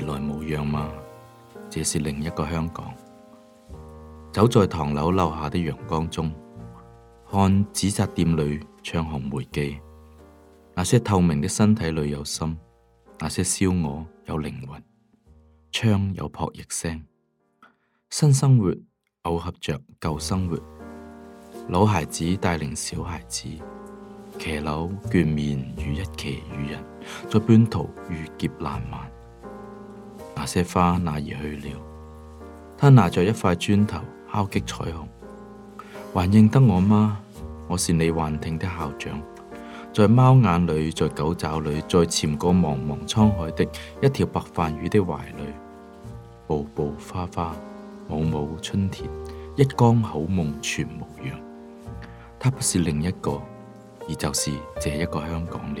別來無恙嘛？這是另一個香港。走在唐樓樓下的陽光中，看紙紮店裏唱紅梅記。那些透明的身體裏有心，那些燒鵝有靈魂，窗有撲翼聲。新生活耦合着舊生活，老孩子帶領小孩子騎樓眷面如一騎如人，在半途遇劫難晚。那些花哪兒去了？他拿着一塊磚頭敲擊彩虹，還認得我嗎？我是你幻聽的校長，在貓眼裏，在狗爪裏，在潛過茫茫滄海的一條白飯魚的懷裏，步步花花，舞舞春天，一江好夢全無恙。他不是另一個，而就是這一個香港了。